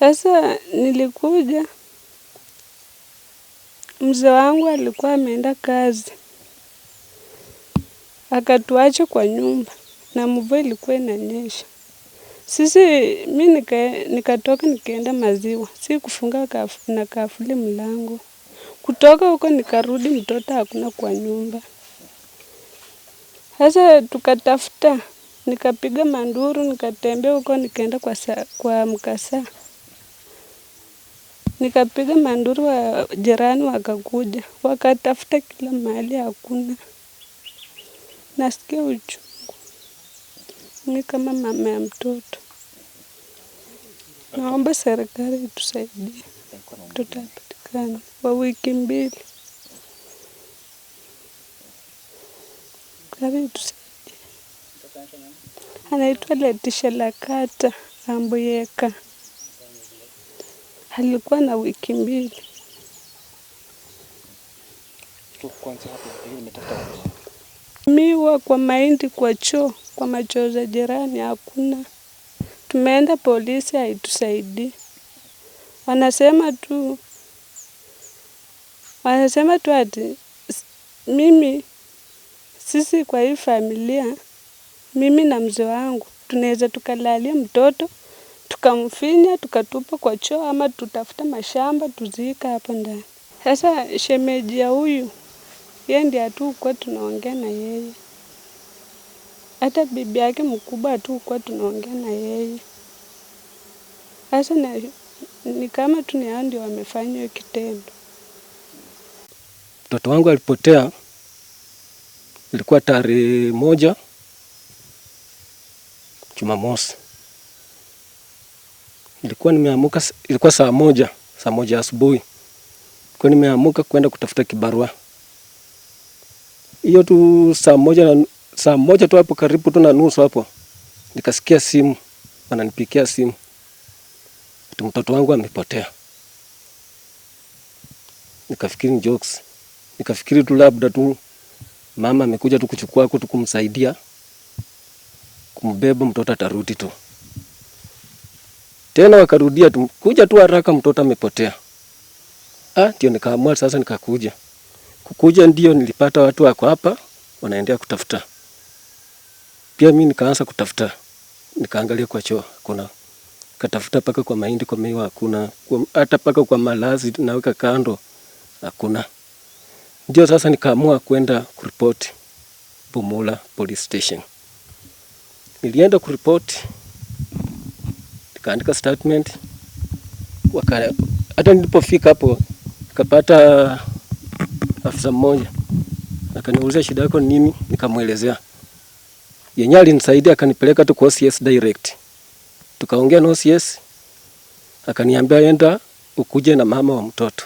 Sasa nilikuja, mzee wangu alikuwa ameenda kazi, akatuacha kwa nyumba na mvua ilikuwa inanyesha. Sisi mi nika, nikatoka nikaenda maziwa, si kufunga kafu, na kafuli mlango. Kutoka huko nikarudi, mtoto hakuna kwa nyumba. Sasa tukatafuta, nikapiga manduru, nikatembea huko, nikaenda kwa, sa, kwa mkasa Nikapiga manduru wa jirani wakakuja, wakatafuta kila mahali, hakuna. Nasikia uchungu mi kama mama ya mtoto, naomba serikali itusaidie, mtoto apatikane kwa wiki mbili, serikali itusaidie. Anaitwa Letisha Lakata Amboyeka alikuwa na wiki mbili. Miwa kwa mahindi kwa choo kwa machoo za jirani hakuna. Tumeenda polisi, haitusaidii. Wanasema tu wanasema tu ati mimi sisi kwa hii familia, mimi na mzee wangu tunaweza tukalalia mtoto tukamfinya tukatupa kwa choo ama tutafuta mashamba tuzika hapo ndani. Sasa shemeji ya huyu yeye ndiye hatukuwa tunaongea na yeye, hata bibi yake mkubwa hatukuwa tunaongea na yeye. Sasa ni kama tu ni hao ndio wamefanya hiyo kitendo. Mtoto wangu alipotea ilikuwa tarehe moja Jumamosi. Nilikuwa nimeamuka, ilikuwa saa moja, saa moja asubuhi. kwa nimeamuka kwenda kutafuta kibarua. Hiyo tu saa moja na saa moja tu hapo karibu tu na nusu hapo. Nikasikia simu, wananipikia simu. Mtoto wangu amepotea. Nikafikiri ni jokes. Nikafikiri tu labda tu mama amekuja tu kuchukua tu kumsaidia kumbeba mtoto atarudi tu. Tena wakarudia tu, kuja tu haraka mtoto amepotea. Ah, ndio nikaamua sasa nikakuja. Kukuja ndio nilipata watu wako hapa wanaendelea kutafuta. Pia mimi nikaanza kutafuta. Nikaangalia kwa choo kuna katafuta paka kwa mahindi kwa miwa hakuna, hata paka kwa malazi naweka kando hakuna. Ndio sasa nikaamua kwenda kuripoti Bumula Police Station. Nilienda kuripoti kaandika statement waka, hata nilipofika hapo nikapata afisa mmoja akaniuliza shida yako ni nini, nikamwelezea yenye alinisaidia akanipeleka tu kwa OCS direct, tukaongea na OCS akaniambia enda ukuje na mama wa mtoto.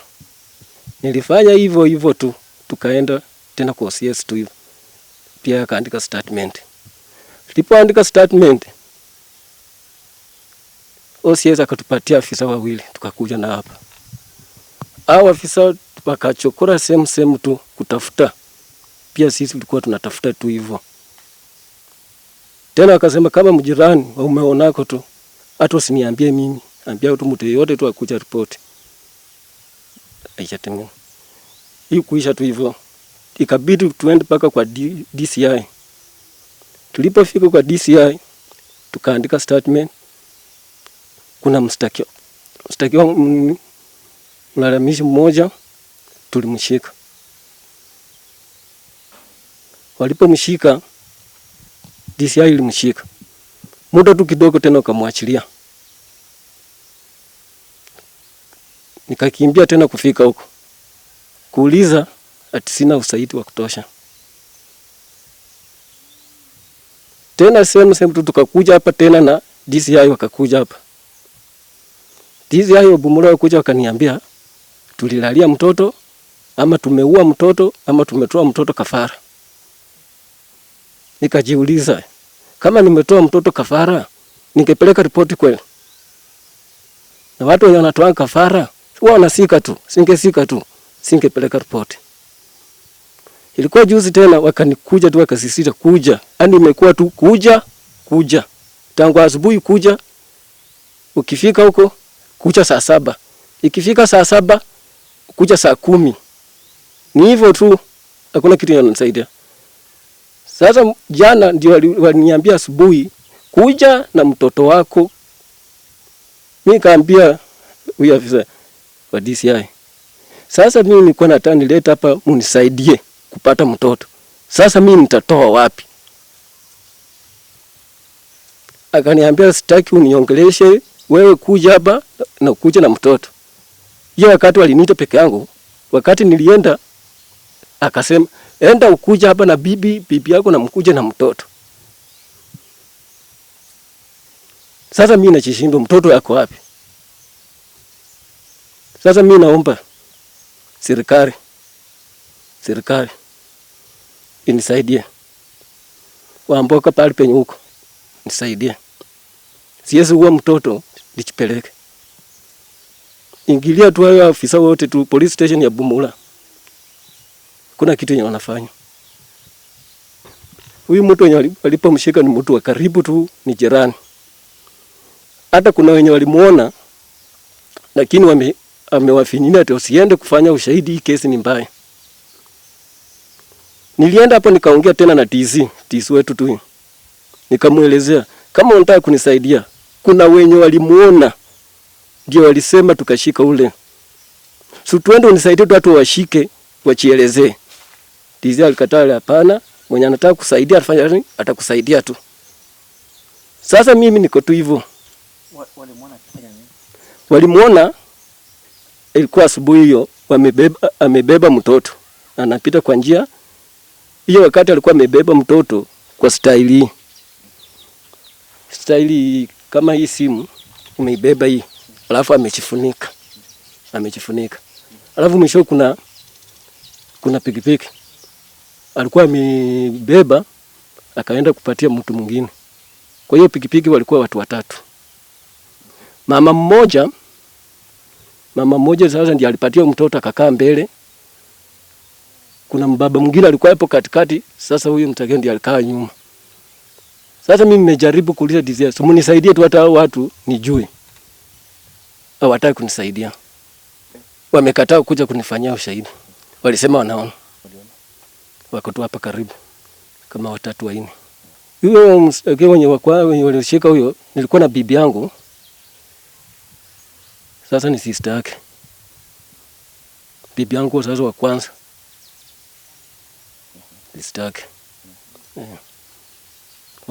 Nilifanya hivyo hivyo tu, tukaenda tena kwa OCS tu hivyo pia, akaandika statement. Nilipoandika statement OCS akatupatia afisa wawili, tukakuja na hapa hao afisa wakachokora sehemu sehemu tu kutafuta, pia sisi tulikuwa tunatafuta tu hivyo tena. Akasema kama mjirani umeonako tu hata usiniambie mimi, ambia tu mtu yote tu akuja ripoti. Aishatemwa hii kuisha tu hivyo, ikabidi tuende mpaka kwa DCI. Tulipofika kwa DCI tukaandika statement kuna mstakio mstakio mlalamishi mmoja tulimshika. Walipomshika DCI ilimshika muda tu kidogo, tena ukamwachilia. Nikakimbia tena kufika huko kuuliza, ati sina usaidi wa kutosha tena sehemu sehemu tu, tukakuja hapa tena na DCI wakakuja hapa Tizi hayo bumula kuja wakaniambia tulilalia mtoto ama tumeua mtoto ama tumetoa mtoto kafara. Nikajiuliza, kama nimetoa mtoto kafara, ningepeleka ripoti kweli? Na watu wenye wanatoa kafara huwa wanasika tu, singesika tu, singepeleka ripoti. Ilikuwa juzi tena wakanikuja tu wakasisita kuja, yani imekuwa tu kuja kuja, tangu asubuhi kuja, ukifika huko kucha saa saba, ikifika saa saba kucha saa kumi. Ni hivyo tu, hakuna kitu inanisaidia. Sasa jana ndio waliniambia asubuhi, kuja na mtoto wako. Mi kaambia huyu afisa wa DCI, sasa mi nilikuwa nataka nileta hapa munisaidie kupata mtoto, sasa mi nitatoa wapi? Akaniambia sitaki uniongeleshe wewe kuja hapa na kuja na mtoto. Hiyo wakati waliniita peke yangu, wakati nilienda akasema enda ukuja hapa na bibi bibi yako na mkuje na mtoto. Sasa mimi nachishindwa mtoto yako wapi? Sasa mimi naomba serikali serikali inisaidie, waamboka pale penye huko nisaidie, siwezi huwa mtoto likipeleke. Ingilia tu hayo afisa wote tu police station ya Bumula. Kuna kitu yenye wanafanya. Huyu mtu yenye alipomshika ni mtu wa karibu tu, ni jirani. Hata kuna wenye walimuona lakini wame amewafinyia ati usiende kufanya ushahidi, hii kesi ni mbaya. Nilienda hapo nikaongea tena na TC, TC wetu tu. Nikamuelezea kama unataka kunisaidia kuna wenye walimuona ndio walisema tukashika ule. So tuende unisaidie tu watu washike wachielezee. Dizia alikataa, hapana, mwenye anataka kusaidia atafanya nini? Atakusaidia tu. Sasa mimi niko tu hivyo. Walimuona Walimuona ilikuwa asubuhi hiyo, wamebeba amebeba mtoto anapita kwa njia hiyo, wakati alikuwa amebeba mtoto kwa staili staili kama hii simu umeibeba hii, alafu amechifunika, amechifunika, alafu mwisho kuna kuna pikipiki alikuwa amebeba akaenda kupatia mtu mwingine. Kwa hiyo pikipiki walikuwa watu watatu, mama mmoja mama mmoja sasa ndiye alipatia mtoto akakaa mbele. Kuna mbaba mwingine alikuwa hapo katikati, sasa huyu mtakeni ndiye alikaa nyuma. Sasa mimi nimejaribu kuuliza DCS, mnisaidie tu, hata watu nijue. Hawataka kunisaidia, wamekataa kuja kunifanyia ushahidi. Walisema wanaona, wako tu hapa karibu kama watatu waini. Huyo wenye wakwa wenye walishika huyo, nilikuwa na bibi yangu, sasa ni sister yake bibi yangu, sasa wa kwanza sister yake yeah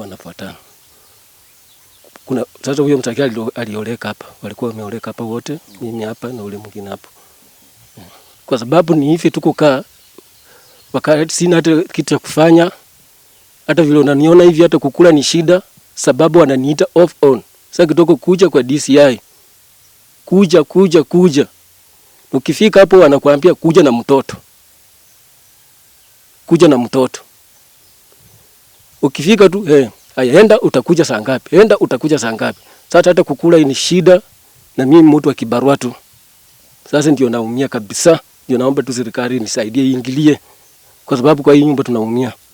walikuwa wanafuatana. Kuna sasa huyo mtakia alioleka hapa, walikuwa wameoleka hapa wote, mimi hapa na ule mwingine hapo. Kwa sababu ni hivi tu kukaa, wakati sina hata kitu cha kufanya, hata vile unaniona hivi, hata kukula ni shida, sababu wananiita off on. Sasa kitoko kuja kwa DCI, kuja kuja kuja, ukifika hapo wanakuambia kuja na mtoto, kuja na mtoto Ukifika tu eh, haya enda utakuja saa ngapi? Enda utakuja saa ngapi? Sasa hata kukula ni shida na mimi mtu wa kibarua tu. Sasa ndio naumia kabisa. Ndio naomba tu serikali nisaidie, iingilie kwa sababu kwa hii nyumba tunaumia.